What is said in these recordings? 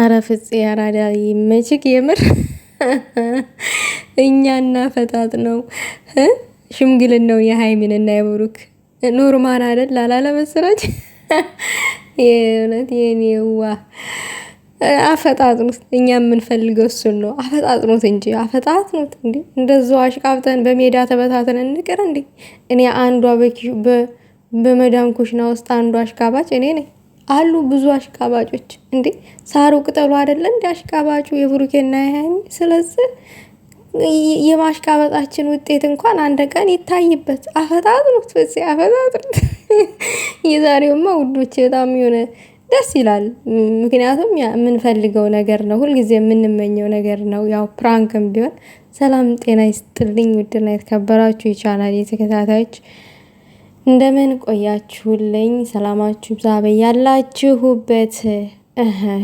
አረ ፍፄ አራዳ ይመችክ። የምር እኛና ፈጣጥ ነው ሽምግልን ነው የሀይሚን እና የብሩክ ኖርማል አይደል ላላለ መስራች የእውነት የኔዋ አፈጣጥኑት። እኛ የምንፈልገው እሱን ነው። አፈጣጥኑት እንጂ አፈጣጥኑት እንዲ እንደዛው አሽቃብተን በሜዳ ተበታተን እንቅር እንዲ እኔ አንዷ በመዳም ኩሽና ውስጥ አንዷ አሽቃባጭ እኔ ነኝ። አሉ ብዙ አሽቃባጮች እንዴ ሳሩ ቅጠሉ አይደለ እንደ አሽቃባጩ የብሩኬና ያህኒ ስለዚህ የማሽቃበጣችን ውጤት እንኳን አንድ ቀን ይታይበት። አፈጣጥሩት በዚ አፈጣጥሩት። የዛሬውማ ውዶች በጣም የሆነ ደስ ይላል። ምክንያቱም የምንፈልገው ነገር ነው፣ ሁልጊዜ የምንመኘው ነገር ነው። ያው ፕራንክም ቢሆን ሰላም ጤና ይስጥልኝ። ውድና የተከበራችሁ የቻናል የተከታታዮች እንደምን ቆያችሁልኝ? ሰላማችሁ ይብዛ በያላችሁበት።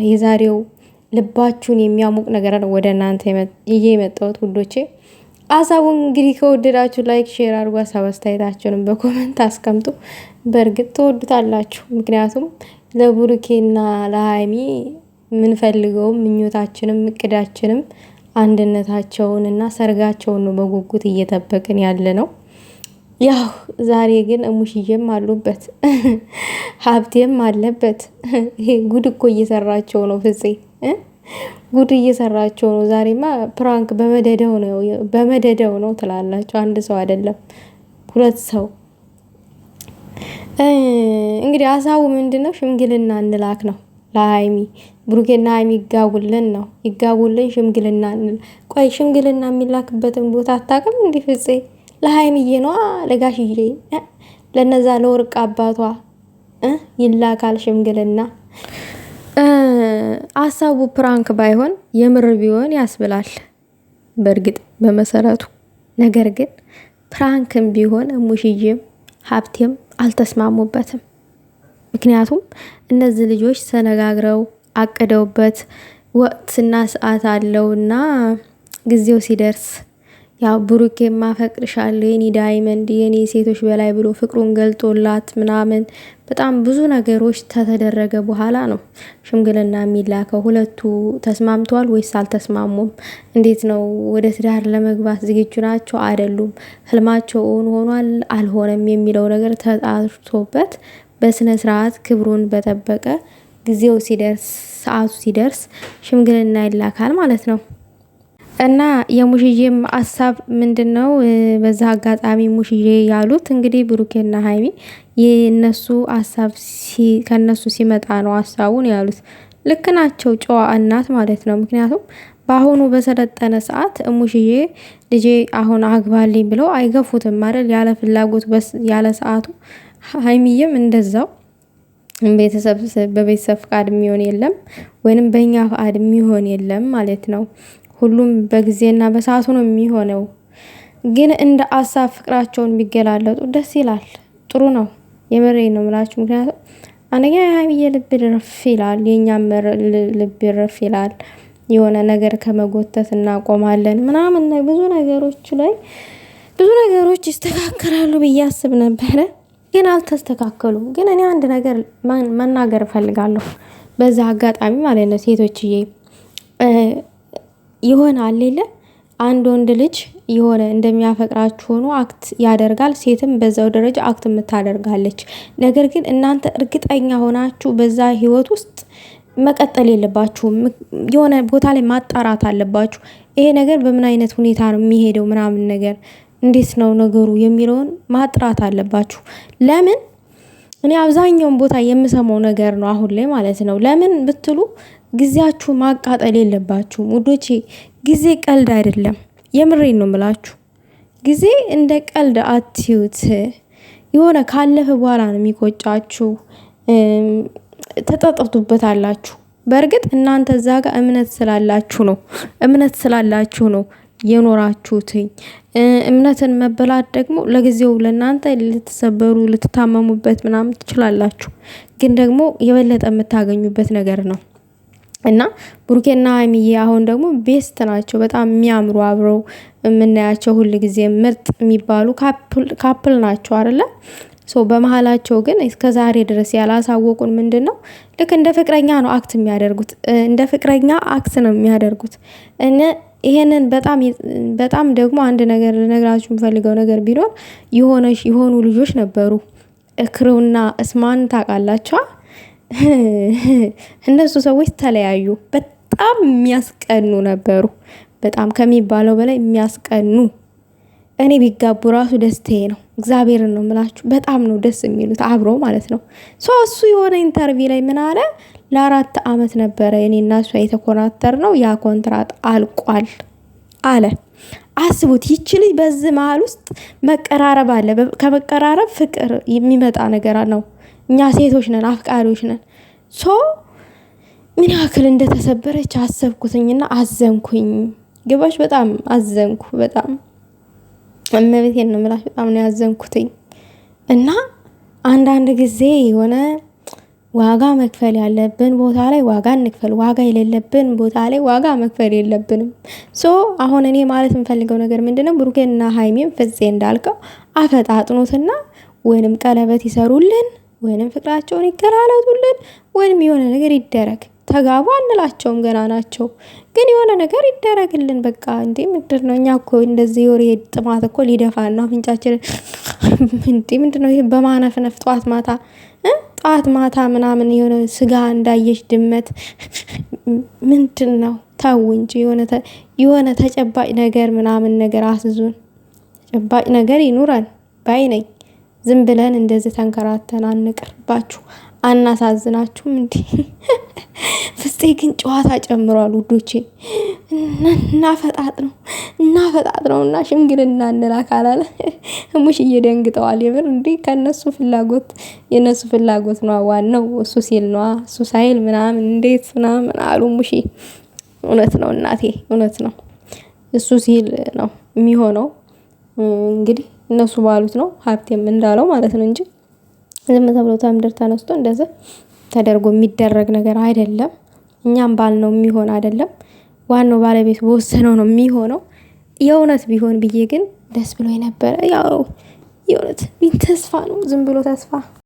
የዛሬው ልባችሁን የሚያሞቅ ነገር ወደ እናንተ ይዤ የመጣሁት ውዶቼ፣ አሳቡን እንግዲህ ከወደዳችሁ ላይክ፣ ሼር አድርጎ ሀሳብ አስተያየታችሁንም በኮመንት አስቀምጡ። በእርግጥ ትወዱታላችሁ። ምክንያቱም ለቡሩኬና ለሀይሚ የምንፈልገውም ምኞታችንም እቅዳችንም አንድነታቸውን እና ሰርጋቸውን ነው በጉጉት እየጠበቅን ያለ ነው። ያው ዛሬ ግን እሙሽዬም አሉበት፣ ሀብቴም አለበት። ይሄ ጉድ እኮ እየሰራቸው ነው ፍፄ ጉድ እየሰራቸው ነው። ዛሬማ ፕራንክ በመደደው ነው በመደደው ነው ትላላቸው። አንድ ሰው አይደለም ሁለት ሰው። እንግዲህ አሳቡ ምንድን ነው? ሽምግልና እንላክ ነው ለሀይሚ ብሩኬና ሀይሚ ይጋቡልን ነው ይጋቡልን። ሽምግልና ቆይ፣ ሽምግልና የሚላክበትን ቦታ አታውቅም እንዲህ ፍፄ ለሀይምዬ ነዋ፣ ለጋሽዬ ለነዛ ለወርቅ አባቷ ይላካል ሽምግልና። አሳቡ ፕራንክ ባይሆን የምር ቢሆን ያስብላል በእርግጥ በመሰረቱ። ነገር ግን ፕራንክም ቢሆን ሙሽዬም ሀብቴም አልተስማሙበትም። ምክንያቱም እነዚህ ልጆች ተነጋግረው አቅደውበት ወቅትና ሰዓት አለውና ጊዜው ሲደርስ ያው ብሩኬም አፈቅርሻለሁ የኔ ዳይመንድ የኔ ሴቶች በላይ ብሎ ፍቅሩን ገልጦላት ምናምን በጣም ብዙ ነገሮች ከተደረገ በኋላ ነው ሽምግልና የሚላከው። ሁለቱ ተስማምተዋል ወይስ አልተስማሙም? እንዴት ነው? ወደ ትዳር ለመግባት ዝግጁ ናቸው አይደሉም? ህልማቸው እውን ሆኗል አልሆነም? የሚለው ነገር ተጣርቶበት በስነ ስርዓት ክብሩን በጠበቀ ጊዜው ሲደርስ ሰዓቱ ሲደርስ ሽምግልና ይላካል ማለት ነው። እና የሙሽዬም ሀሳብ ምንድን ነው? በዛ አጋጣሚ ሙሽዬ ያሉት እንግዲህ ብሩኬና ሀይሚ የነሱ አሳብ ከነሱ ሲመጣ ነው ሀሳቡን ያሉት። ልክ ናቸው፣ ጨዋ እናት ማለት ነው። ምክንያቱም በአሁኑ በሰለጠነ ሰዓት እሙሽዬ ልጄ አሁን አግባልኝ ብለው አይገፉትም አይደል? ያለ ፍላጎት ያለ ሰዓቱ። ሀይሚዬም እንደዛው ቤተሰብ በቤተሰብ ፍቃድ የሚሆን የለም ወይንም በእኛ ፍቃድ የሚሆን የለም ማለት ነው። ሁሉም በጊዜና በሰዓቱ ነው የሚሆነው። ግን እንደ አሳብ ፍቅራቸውን ቢገላለጡ ደስ ይላል፣ ጥሩ ነው። የምሬ ነው ምላች ምክንያቱም አንደኛ የሀይሚዬ ልብ ርፍ ይላል፣ የእኛም ልብ ርፍ ይላል። የሆነ ነገር ከመጎተት እናቆማለን ምናምን ብዙ ነገሮች ላይ ብዙ ነገሮች ይስተካከላሉ ብዬ አስብ ነበረ፣ ግን አልተስተካከሉ ግን እኔ አንድ ነገር መናገር እፈልጋለሁ በዛ አጋጣሚ ማለት ነው ሴቶችዬ የሆነ አለ አንድ ወንድ ልጅ የሆነ እንደሚያፈቅራችሁ ሆኖ አክት ያደርጋል። ሴትም በዛው ደረጃ አክት የምታደርጋለች። ነገር ግን እናንተ እርግጠኛ ሆናችሁ በዛ ህይወት ውስጥ መቀጠል የለባችሁም። የሆነ ቦታ ላይ ማጣራት አለባችሁ። ይሄ ነገር በምን አይነት ሁኔታ ነው የሚሄደው ምናምን ነገር እንዴት ነው ነገሩ የሚለውን ማጥራት አለባችሁ። ለምን እኔ አብዛኛውን ቦታ የምሰማው ነገር ነው አሁን ላይ ማለት ነው። ለምን ብትሉ ጊዜያችሁ ማቃጠል የለባችሁም ውዶቼ። ጊዜ ቀልድ አይደለም። የምሬን ነው ምላችሁ። ጊዜ እንደ ቀልድ አትዩት። የሆነ ካለፈ በኋላ ነው የሚቆጫችሁ፣ ተጠጠቱበታላችሁ። በእርግጥ እናንተ እዛ ጋር እምነት ስላላችሁ ነው እምነት ስላላችሁ ነው የኖራችሁትኝ። እምነትን መበላት ደግሞ ለጊዜው ለእናንተ ልትሰበሩ ልትታመሙበት ምናምን ትችላላችሁ፣ ግን ደግሞ የበለጠ የምታገኙበት ነገር ነው። እና ብሩኬና ሀይሚዬ አሁን ደግሞ ቤስት ናቸው። በጣም የሚያምሩ አብረው የምናያቸው ሁል ጊዜ ምርጥ የሚባሉ ካፕል ናቸው አይደለ? ሶ በመሀላቸው ግን እስከ ዛሬ ድረስ ያላሳወቁን ምንድን ነው? ልክ እንደ ፍቅረኛ ነው አክት የሚያደርጉት፣ እንደ ፍቅረኛ አክት ነው የሚያደርጉት። ይሄንን በጣም ደግሞ አንድ ነገር ልነግራችሁ የምፈልገው ነገር ቢኖር የሆኑ ልጆች ነበሩ፣ እክሩና እስማን ታውቃላችኋል እነሱ ሰዎች ተለያዩ። በጣም የሚያስቀኑ ነበሩ። በጣም ከሚባለው በላይ የሚያስቀኑ። እኔ ቢጋቡ ራሱ ደስታዬ ነው። እግዚአብሔርን ነው ምላችሁ። በጣም ነው ደስ የሚሉት አብሮ ማለት ነው። ሰው እሱ የሆነ ኢንተርቪው ላይ ምን አለ? ለአራት አመት ነበረ እኔ እና እሷ የተኮናተር ነው ያ ኮንትራት አልቋል አለ። አስቡት ይቺ ልጅ በዚህ መሀል ውስጥ መቀራረብ አለ። ከመቀራረብ ፍቅር የሚመጣ ነገር ነው። እኛ ሴቶች ነን፣ አፍቃሪዎች ነን። ሶ ምን ያክል እንደተሰበረች አሰብኩትኝና አዘንኩኝ። ግባሽ በጣም አዘንኩ። በጣም እመቤቴን ነው ምላሽ። በጣም ነው ያዘንኩትኝ። እና አንዳንድ ጊዜ የሆነ ዋጋ መክፈል ያለብን ቦታ ላይ ዋጋ እንክፈል። ዋጋ የሌለብን ቦታ ላይ ዋጋ መክፈል የለብንም። ሶ አሁን እኔ ማለት የምፈልገው ነገር ምንድነው፣ ብሩኬና ሀይሜን ፍፄ እንዳልከው አፈጣጥኖትና ወይንም ቀለበት ይሰሩልን ወይንም ፍቅራቸውን ይገላለጡልን ወይንም የሆነ ነገር ይደረግ። ተጋቡ አንላቸውም ገና ናቸው። ግን የሆነ ነገር ይደረግልን። በቃ እንዲ ምንድን ነው? እኛ እኮ እንደዚህ ወሬ ጥማት እኮ ሊደፋን ነው አፍንጫችንን። እንዲ ምንድን ነው ይህ በማነፍነፍ ጠዋት ማታ ጠዋት ማታ ምናምን የሆነ ስጋ እንዳየሽ ድመት ምንድን ነው? ተው እንጂ የሆነ ተጨባጭ ነገር ምናምን ነገር አስዙን። ተጨባጭ ነገር ይኑረን ባይ ነኝ። ዝም ብለን እንደዚህ ተንከራተን አንቅርባችሁ፣ አናሳዝናችሁም እንዴ? ፍፄ ግን ጨዋታ ጨምሯል ውዶቼ። እናፈጣጥ ነው እናፈጣጥ ነው እና ሽምግልና እንላክ አላለ ሙሽ እየደንግጠዋል። የምር እንዲ ከነሱ ፍላጎት የነሱ ፍላጎት ነዋ ዋናው እሱ ሲል ነዋ እሱ ሳይል ምናምን እንዴት ምናምን አሉ ሙሽ። እውነት ነው እናቴ፣ እውነት ነው እሱ ሲል ነው የሚሆነው እንግዲህ እነሱ ባሉት ነው ሀብቴም እንዳለው ማለት ነው እንጂ ዝም ተብሎ ተምድር ተነስቶ እንደዚህ ተደርጎ የሚደረግ ነገር አይደለም። እኛም ባልነው የሚሆን አይደለም። ዋናው ባለቤት በወሰነው ነው የሚሆነው። የእውነት ቢሆን ብዬ ግን ደስ ብሎ የነበረ ያው የእውነት ተስፋ ነው። ዝም ብሎ ተስፋ